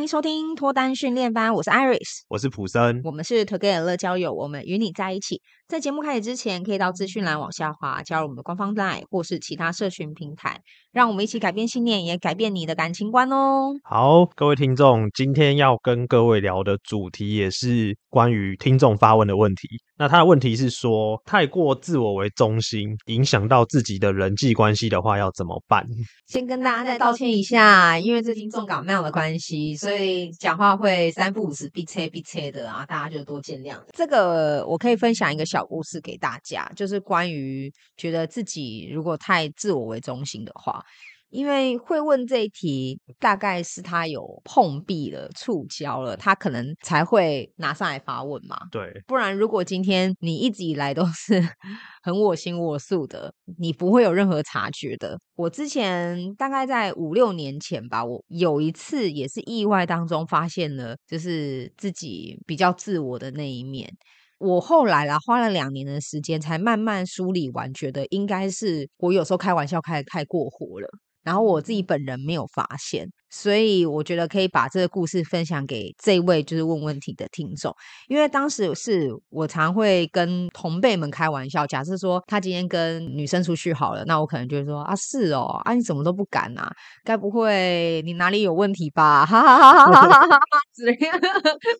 歡迎收聽脫單訓練班，我是 Iris，我是普森。我們是 Together 樂交友，我們與你在一起。在節目開始之前，可以到資訊欄往下滑，加入我們的官方 LINE 或是其他社群平台，讓我們一起改變信念，也改變你的感情觀哦、喔。好，各位聽眾，今天要跟各位聊的主題也是關於聽眾發問的問題。那他的問題是說，太過自我為中心，影響到自己的人際關係的話，要怎麼辦？先跟大家再道歉一下，因為最近重感冒的關係，所以講話會三不五時，鼻塞鼻塞的，啊，大家就多見諒。這個我可以分享一個小。故事給大家，就是關於覺得自己如果太自我為中心的話，因為會問這一題，大概是他有碰壁了、觸礁了，他可能才會拿上來發問嘛。對，不然如果今天你一直以來都是很我行我素的，你不會有任何察覺的。我之前大概在五六年前吧，我有一次也是意外當中發現了，就是自己比較自我的那一面。我後來啦，花了兩年的時間才慢慢梳理完，覺得應該是我有時候開玩笑開的太過火了。然後我自己本人沒有發現，所以我覺得可以把這個故事分享給這位就是問問題的聽眾，因為當時是我常會跟同輩們開玩笑，假設說他今天跟女生出去好了，那我可能就會說啊是哦，啊你怎麼都不敢啊？該不會你哪裡有問題吧？哈哈哈哈哈哈！這樣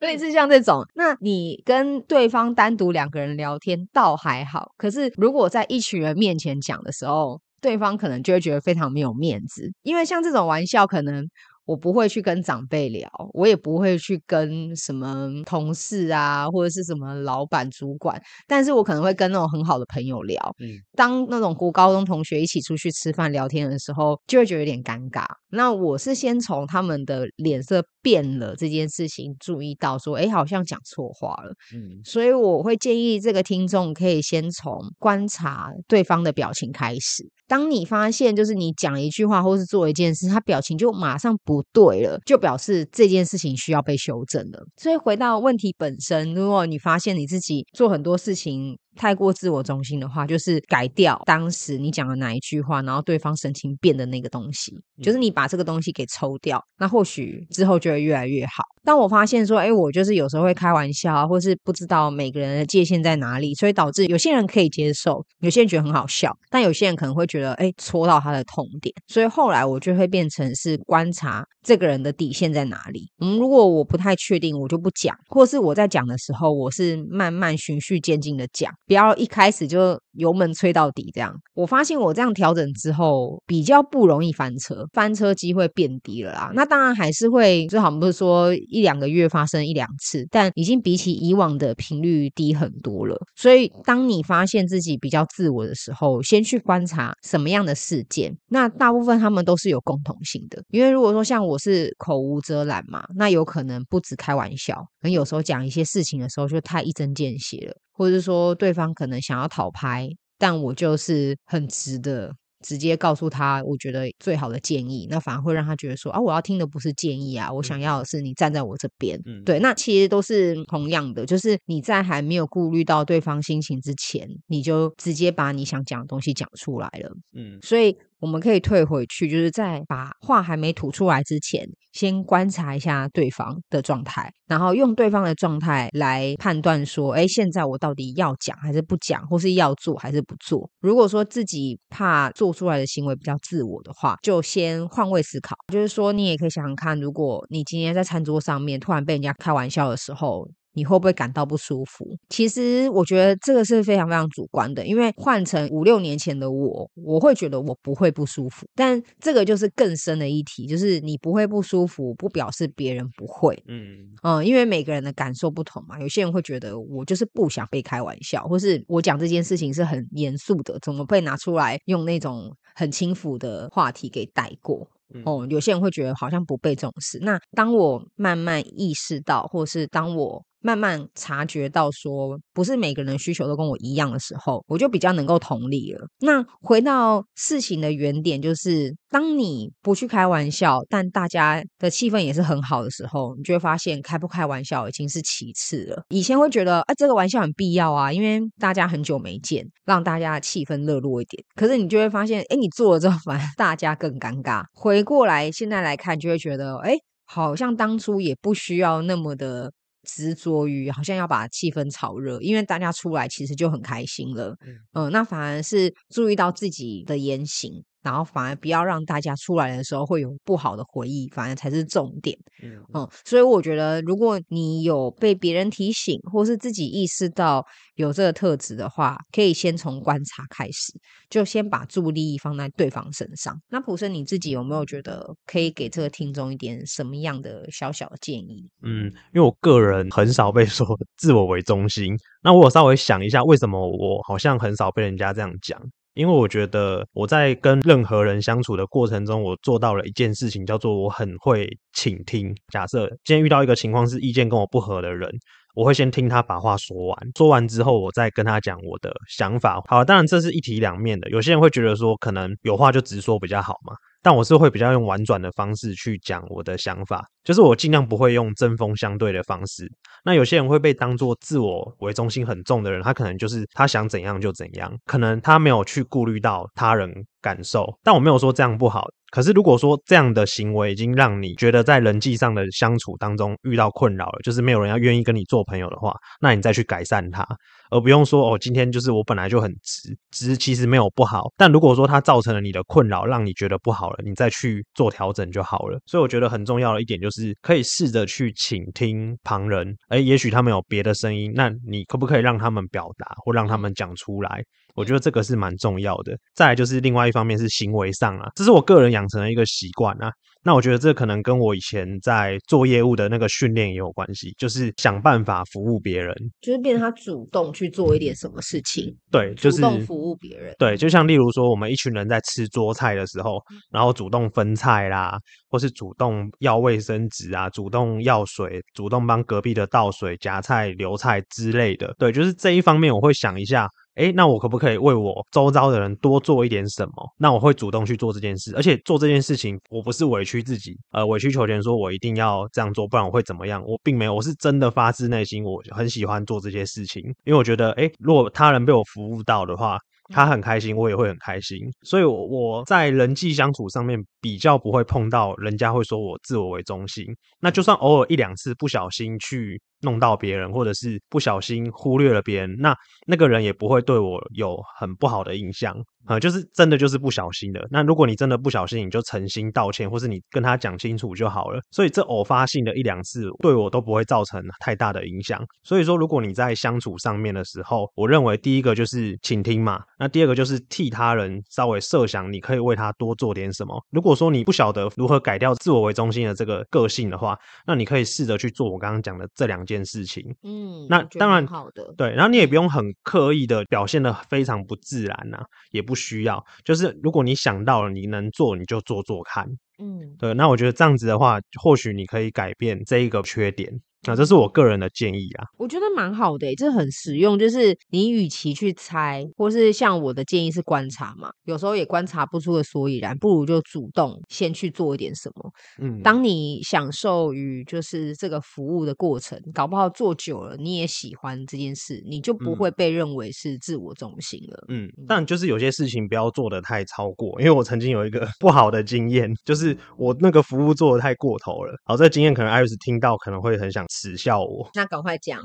類似像這種，那你跟對方單獨兩個人聊天倒還好，可是如果在一群人面前講的時候。對方可能就會覺得非常沒有面子，因為像這種玩笑，可能我不會去跟長輩聊，我也不會去跟什麼同事啊，或者是什麼老闆、主管，但是我可能會跟那種很好的朋友聊。嗯，當那種國高中同學一起出去吃飯聊天的時候，就會覺得有點尷尬。那我是先從他們的臉色變了這件事情注意到說，說哎，好像講錯話了。嗯，所以我會建議這個聽眾可以先從觀察對方的表情開始。當你發現，就是你講一句話，或是做一件事，他表情就馬上不對了，就表示這件事情需要被修正了。所以回到問題本身，如果你發現你自己做很多事情。太過自我中心的話，就是改掉當時你講的哪一句話，然後對方神情變的那個東西，就是你把這個東西給抽掉，那或許之後就會越來越好。但我發現說，誒、欸，我就是有時候會開玩笑，啊，或是不知道每個人的界限在哪裡，所以導致有些人可以接受，有些人覺得很好笑，但有些人可能會覺得，誒、欸，戳到他的痛點。所以後來我就會變成是觀察這個人的底線在哪裡。嗯，如果我不太確定，我就不講，或是我在講的時候，我是慢慢循序漸進的講。不要一開始就。油門催到底，這樣我發現我這樣調整之後，比較不容易翻車，翻車機會變低了啦。那當然還是會，最好不是說一兩個月發生一兩次，但已經比起以往的頻率低很多了。所以當你發現自己比較自我的時候，先去觀察什麼樣的事件，那大部分他們都是有共同性的。因為如果說像我是口無遮攔嘛，那有可能不只開玩笑，可能有時候講一些事情的時候就太一針見血了，或者是說對方可能想要討拍。但我就是很直的，直接告訴他，我覺得最好的建議，那反而會讓他覺得說，啊，我要聽的不是建議啊，我想要的是你站在我這邊。嗯，對，那其實都是同樣的，就是你在還沒有顧慮到對方心情之前，你就直接把你想講的東西講出來了。嗯，所以。我們可以退回去，就是在把話還沒吐出來之前，先觀察一下對方的狀態，然後用對方的狀態來判斷說，哎，現在我到底要講還是不講，或是要做還是不做。如果說自己怕做出來的行為比較自我的話，就先換位思考，就是說你也可以想想看，如果你今天在餐桌上面突然被人家開玩笑的時候。你會不會感到不舒服？其實我覺得這個是非常非常主觀的，因為換成五六年前的我，我會覺得我不會不舒服。但這個就是更深的議題，就是你不會不舒服，不表示別人不會。嗯嗯，因為每個人的感受不同嘛。有些人會覺得我就是不想被開玩笑，或是我講這件事情是很嚴肅的，怎麼被拿出來用那種很輕浮的話題給帶過？哦、嗯嗯嗯，有些人會覺得好像不被重視。那當我慢慢意識到，或是當我慢慢察覺到說，不是每個人的需求都跟我一樣的時候，我就比較能夠同理了。那回到事情的原點，就是當你不去開玩笑，但大家的氣氛也是很好的時候，你就會發現開不開玩笑已經是其次了。以前會覺得，哎、啊，這個玩笑很必要啊，因為大家很久沒見，讓大家氣氛熱絡一點。可是你就會發現，哎，你做了之後反而大家更尷尬。回過來現在來看，就會覺得，哎，好像當初也不需要那麼的。執着於好像要把氣氛炒熱，因為大家出來其實就很開心了。嗯，那反而是注意到自己的言行。然後反而不要讓大家出來的時候會有不好的回憶，反而才是重點。嗯嗯，所以我覺得，如果你有被別人提醒，或是自己意識到有這個特質的話，可以先從觀察開始，就先把注意力放在對方身上。那普森，你自己有沒有覺得可以給這個聽眾一點什麼樣的小小的建議？嗯，因為我個人很少被說自我為中心。那我有稍微想一下，為什麼我好像很少被人家這樣講？因為我覺得我在跟任何人相處的過程中，我做到了一件事情，叫做我很會傾聽。假設今天遇到一個情況是意見跟我不合的人，我會先聽他把話說完，說完之後我再跟他講我的想法。好，當然這是一體兩面的，有些人會覺得說可能有話就直說比較好嘛。但我是會比較用婉轉的方式去講我的想法，就是我盡量不會用針鋒相對的方式。那有些人會被當作自我為中心很重的人，他可能就是他想怎樣就怎樣，可能他沒有去顧慮到他人感受。但我沒有說這樣不好。可是如果說這樣的行為已經讓你覺得在人際上的相處當中遇到困擾了，就是沒有人要願意跟你做朋友的話，那你再去改善它，而不用說哦，今天就是我本來就很直直，其實沒有不好。但如果說它造成了你的困擾，讓你覺得不好了，你再去做調整就好了。所以我覺得很重要的一點就是可以試着去傾聽旁人，哎，也許他們有別的聲音，那你可不可以讓他們表達或讓他們講出來？我覺得這個是蠻重要的。再來就是另外一方面是行為上啦，這是我個人養。成了一個習慣啊，那我覺得這可能跟我以前在做業務的那個訓練也有關係，就是想辦法服務別人，就是變成他主動去做一點什麼事情。嗯、對，就是主動服務別人。對，就像例如說，我們一群人在吃桌菜的時候，嗯、然後主動分菜啦，或是主動要衛生紙啊，主動要水，主動幫隔壁的倒水、夾菜、留菜之類的。對，就是這一方面，我會想一下。哎，那我可不可以為我周遭的人多做一點什麼？那我會主動去做這件事，而且做這件事情，我不是委屈自己，呃，委曲求全，說我一定要這樣做，不然我會怎麼樣，我並沒有，我是真的發自內心，我很喜歡做這些事情，因為我覺得，哎，如果他人被我服務到的話，他很開心，我也會很開心。所以我，我我在人際相處上面比較不會碰到人家會說我自我為中心。那就算偶爾一兩次不小心去弄到別人，或者是不小心忽略了別人，那那個人也不會對我有很不好的印象啊，嗯。就是真的就是不小心的。那如果你真的不小心，你就誠心道歉，或是你跟他講清楚就好了。所以這偶發性的一兩次，對我都不會造成太大的影響。所以說，如果你在相處上面的時候，我認為第一個就是傾聽嘛，那第二個就是替他人稍微設想，你可以為他多做點什麼。如果說你不曉得如何改掉自我為中心的這個個性的話，那你可以試着去做我剛剛講的這兩件。件事情，嗯，那當然好的，對，然後你也不用很刻意的表現的非常不自然吶、啊，也不需要，就是如果你想到了你能做，你就做做看，嗯，對，那我覺得這樣子的話，或許你可以改變這一個缺點。那這是我個人的建議啊，我覺得蠻好的欸，這很實用。就是你與其去猜，或是像我的建議是觀察嘛，有時候也觀察不出個所以然，不如就主動先去做一點什麼。嗯，當你享受於就是這個服務的過程，搞不好做久了你也喜歡這件事，你就不會被認為是自我中心了。嗯，但就是有些事情不要做的太超過，因為我曾經有一個不好的經驗，就是我那個服務做的太過頭了。好，這個經驗可能 Iris 聽到可能會很想。恥笑我，那趕快講，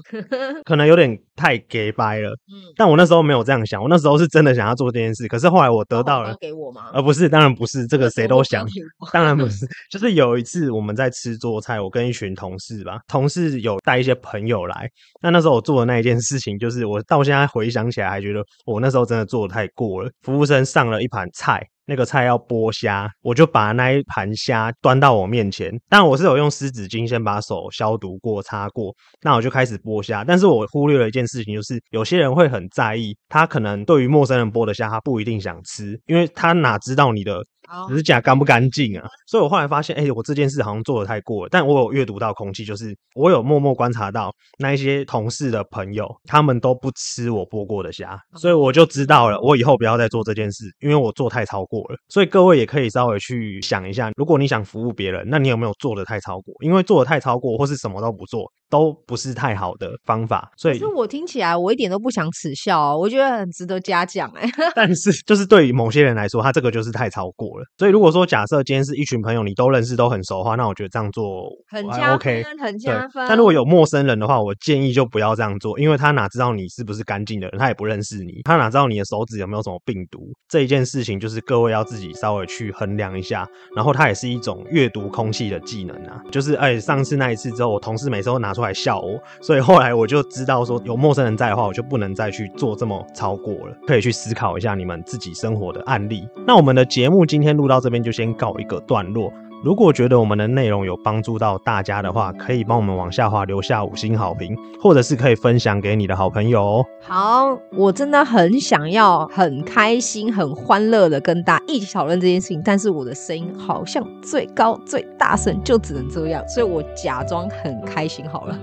可能有點太機掰了，嗯，但我那時候沒有這樣想，我那時候是真的想要做這件事，可是後來我得到了給我嗎？而不是，當然不是，這個誰都想，當然不是。就是有一次我們在吃桌菜，我跟一群同事吧，同事有帶一些朋友來，那那時候我做的那一件事情，就是我到現在回想起來還覺得我那時候真的做的太過了。服務生上了一盤菜。那個菜要剝蝦，我就把那一盤蝦端到我面前。但我是有用濕紙巾先把手消毒過、擦過，那我就開始剝蝦。但是我忽略了一件事情，就是有些人會很在意，他可能對於陌生人剝的蝦，他不一定想吃，因為他哪知道你的指甲乾不乾淨啊？所以我後來發現，哎、欸，我這件事好像做得太過了，但我有閱讀到空氣，就是我有默默觀察到那一些同事的朋友，他們都不吃我剝過的蝦，所以我就知道了，我以後不要再做這件事，因為我做太超過了。所以各位也可以稍微去想一下，如果你想服務別人，那你有沒有做得太超過？因為做得太超過，或是什麼都不做。都不是太好的方法，所以是我聽起來我一點都不想恥笑哦，我覺得很值得嘉獎哎。但是就是對於某些人來說，他這個就是太超過了。所以如果說假設今天是一群朋友，你都認識都很熟的話，那我覺得這樣做很 OK，很加分。但如果有陌生人的話，我建議就不要這樣做，因為他哪知道你是不是乾淨的人，他也不認識你，他哪知道你的手指有沒有什麼病毒？這一件事情就是各位要自己稍微去衡量一下。然後它也是一種閱讀空氣的技能啊，就是哎上次那一次之後，我同事每次都拿出。來笑我，所以後來我就知道說，有陌生人在的話，我就不能再去做這麼超過了。可以去思考一下你們自己生活的案例。那我們的節目今天錄到這邊，就先告一個段落。如果覺得我們的內容有幫助到大家的話，可以幫我們往下滑，留下五星好評，或者是可以分享給你的好朋友哦。好，我真的很想要很開心很歡樂的跟大家一起討論這件事情，但是我的聲音好像最高最大聲就只能這樣，所以我假裝很開心好了。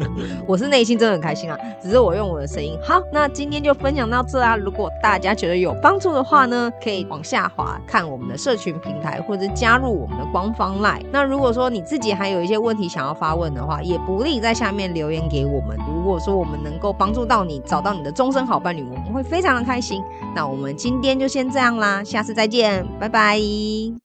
我是內心真的很開心啊，只是我用我的聲音。好，那今天就分享到這啊！如果大家覺得有幫助的話呢，可以往下滑看我們的社群平台，或者加入我們的官。方賴。那如果說你自己還有一些問題想要發問的話，也不吝在下面留言給我們。如果說我們能夠幫助到你找到你的終身好伴侶，我們會非常的開心。那我們今天就先這樣啦，下次再見，拜拜。